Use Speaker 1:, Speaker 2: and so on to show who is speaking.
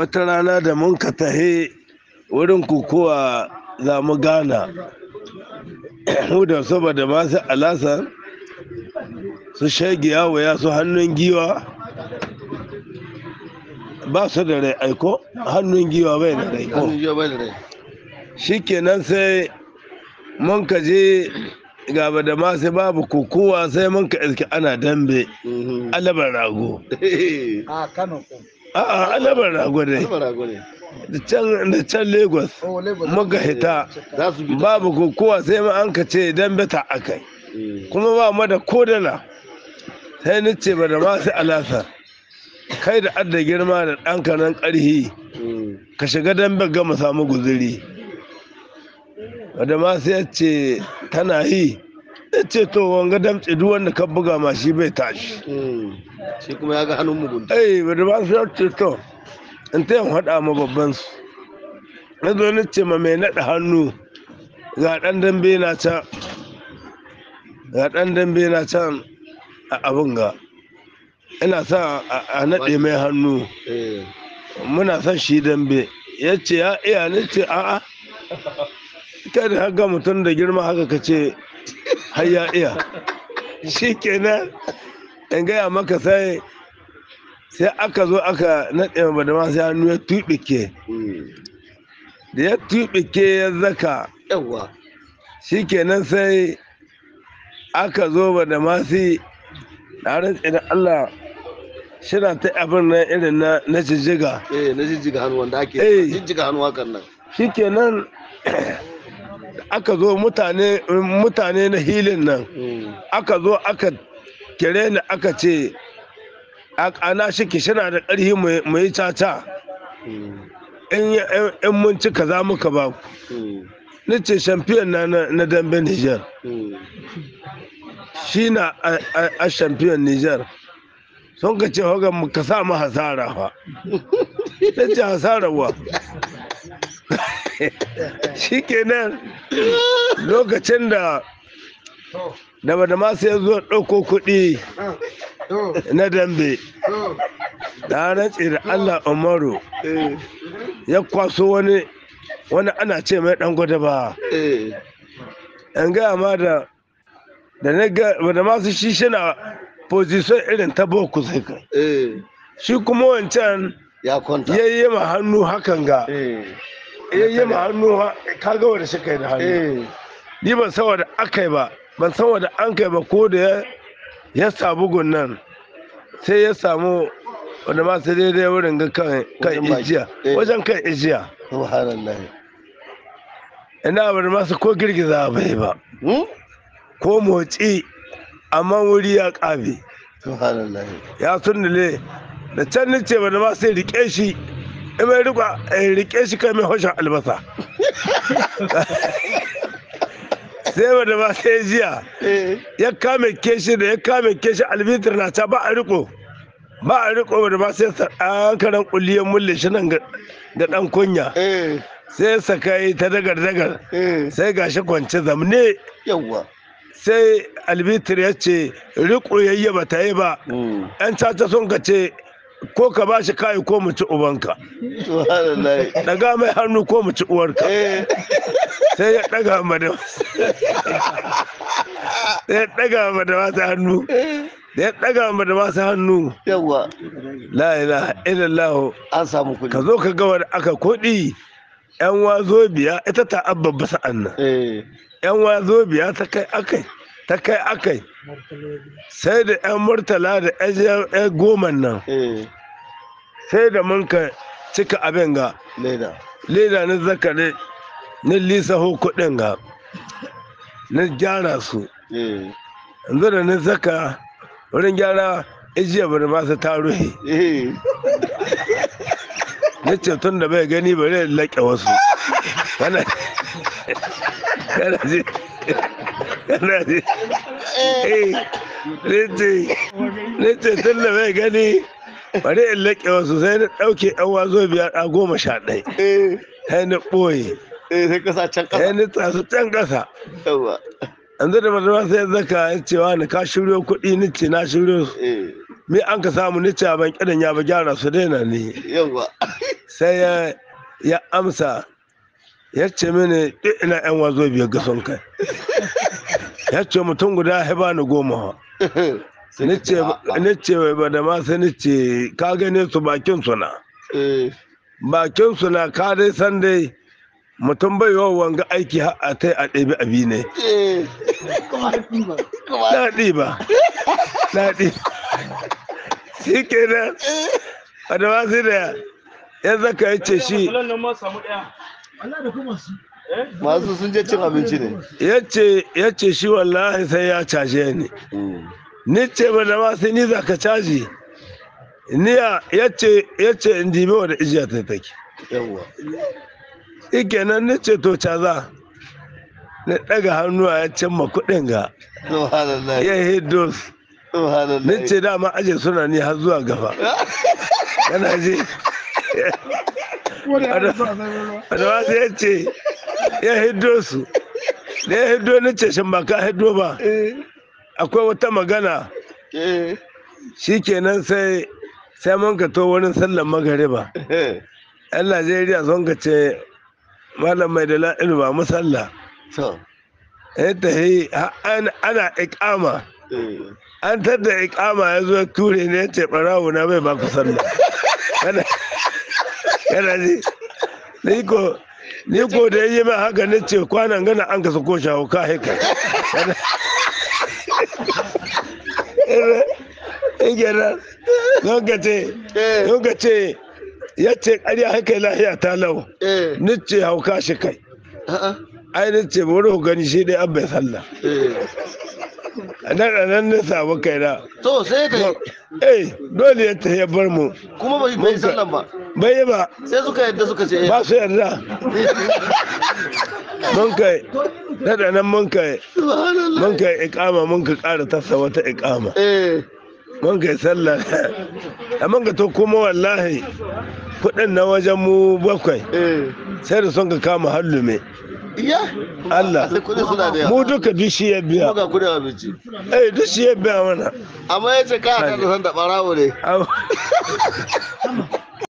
Speaker 1: wata rana da mun ka tahe wurin kukuwa za mu gana mu da saboda su alasa su yawo ya su hannun giwa ba su da rai aiko hannun giwa bai da rai ko shi kenan sai mun ka je gaba da masu babu kukuwa sai mun ka iske ana dambe mm-hmm. alabar rago a kano 'a alabar rago ne da can lagos oh, muka hita babu kokowa sai ma an ka ce dan beta kai eh. kuma ba mu da kodala sai ni ce ba da masu alasar kai da adda girma da ɗanka nan ƙarhi eh. ka shiga don gama samu samu guzuri wadda masu ya tana yi ya ce to wanga damtse duk wanda ka buga ma shi bai tashi mm. shi kuma ya ga hannun mugunta eh bada ba su ce to in ta yin haɗa ma babban su na zo na ce ma mai naɗa hannu ga ɗan dambe na can ga ɗan dambe na can a abin ga ina sa a naɗe mai hannu eh. muna son shi dambe ya ce ya iya ni ce a'a kada haka mutum da girma haka ka ce hayya ya iya shi kenan in gaya maka sai sai aka zo aka naɗe badama sai hannu ya tuɓike da ya tuɓike ya zaka shi kenan sai aka zo badama sai na rantsi da Allah shina ta abin nan irin na na jijjiga eh na jijjiga hannu wanda ake eh. jijjiga hannu hakan nan shikenan aka zo mutane na hilin nan mm. aka zo aka kere ni aka ce ana shi kishina da ƙarfi mu yi caca mm. in mun ci kaza muka ba ku mm. ni ce shamfiyan na na dambe niger shi na a shamfiyan niger sun ka ce hogan ka sa mu hasara fa ta ce hasara wa shikenan lokacin da da ba da masu ya zo ɗauko kuɗi ah, na dambe da rantse da allah umaru eh. ya kwaso wani wani ana ce mai ɗan gwada ba yan eh. gaya ma da da na ga da masu shi na position irin ta boku sai ka eh. shi kuma wancan ya yi ma hannu hakan ga eh yi ma hannu eh, ka ga wanda suka yi da hannu eh. ni ban san wanda aka yi ba ban san wanda an kai ba ko da ya samu gunnan sai ya samu wanda ma sai daidai wurin ga kan ijiya eh. wajen kan ijiya subhanallah ina bar masa ko girgiza bai ba hmm? ko motsi amma wuri ya ƙabe ya sunnule da can nace bar ma sai rike shi in bai riba eh, riƙe shi kai mai hoshin albasa sai ba da ba sai jiya eh. ya kame keshi da ya kame keshi albitir na ca ba a riƙo ba a riko da ba sai an karan kulliyan mulle shi nan da dan kunya eh. sai saka ta dagar dagar sai gashi kwance zamne yawwa sai albitir ya ce riko yayye ba ta yi ba mm. yan caca sun ka ce ko ka ba shi kayi ko mu ci ubanka daga mai hannu ko mu ci uwarka eh. sai ya daga ma da sai ya daga ma da wasu hannu sai ya daga ma da wasu hannu yawa la ilaha illallah an samu kudi ka zo ka ga wani aka kuɗi yan wazo biya ita ta abba sa'an nan eh. yan wazo biya ta kai akai ta kai akai sai da 'yan murtala da 'yan goma nan eh. sai da mun ka cika abin ga leda na zakare na lisa ho ga na gyara su eh. yanzu da na zaka wurin gyara ijiya bari ba su taro eh. na ce tun da bai gani bari ya laƙe wasu kana ji kana ji nace tun da mai gani bari in laƙe wasu sai na ɗauke ɗan wazo biyar a goma sha ɗai sai na ɓoye eh, sai ƙasa can ƙasa sai na tasu can ƙasa yanzu da bada sai zaka ya cewa ni ka shiryo kuɗi ni ce na shiryo eh. me an ka samu ni ce a ban kiran ya ba gyara su daina ne sai ya amsa ya ce mini duk ina yan wazo biyar ga son kai ya ce mutum guda ya ni goma nice ce ba da ma sai nice ka gane su bakin suna bakin suna ka dai san dai mutum bai yawan wanga aiki a tai a ɗebi abi ne daɗi ba daɗi shi da a da ma sai da ya zaka ya ce shi masu sun je cin abinci ne ya ce shi wallahi sai ya caje ni ni ce ba da masu ni za ka caji ni ya ce ya ce in dibe wa da ijiya ta take yawwa ike nan ni ce to caza ni daga hannuwa ya ma kuɗin ga ya yi dos ni ce dama aje suna ni har zuwa gaba yana ji wadda wasu ya ce ya hiddo su da ya hiddo na ce shin ba ka hiddo ba akwai wata magana shi kenan sai sai mun ka to wurin sallan magariba yan najeriya sun ka ce malam mai da la'in ba musalla ta yi ana ikama an tadda ikama ya zo ture ne ce barawo na bai ba ku sallah kana ji ko ni ko da yi mai haka ne ce kwanan gana an ka ko shawo ka haika ingera don ka ce eh. don ka ce ya ce ƙarya haka lahiya ta lau eh. ni ce hauka shi kai ai ni ce bari ku gani shi dai an bai sallah eh. nan na samu kaina to sai ta eh dole ya ta bar mu kuma bai yi sallan ba bai yi ba sai suka yadda suka ce eh. ba su yarda mun kai da nan mun kai mun kai ikama mun ka ƙara tasa wata ikama eh. mun kai sallah amma ka to kuma wallahi kuɗin na wajen mu bakwai eh. sai da sun ka kama hallume iya Allah mu duka duk shi ya biya mu a abinci eh duk shi ya biya mana amma yace ka ka san da barawo ne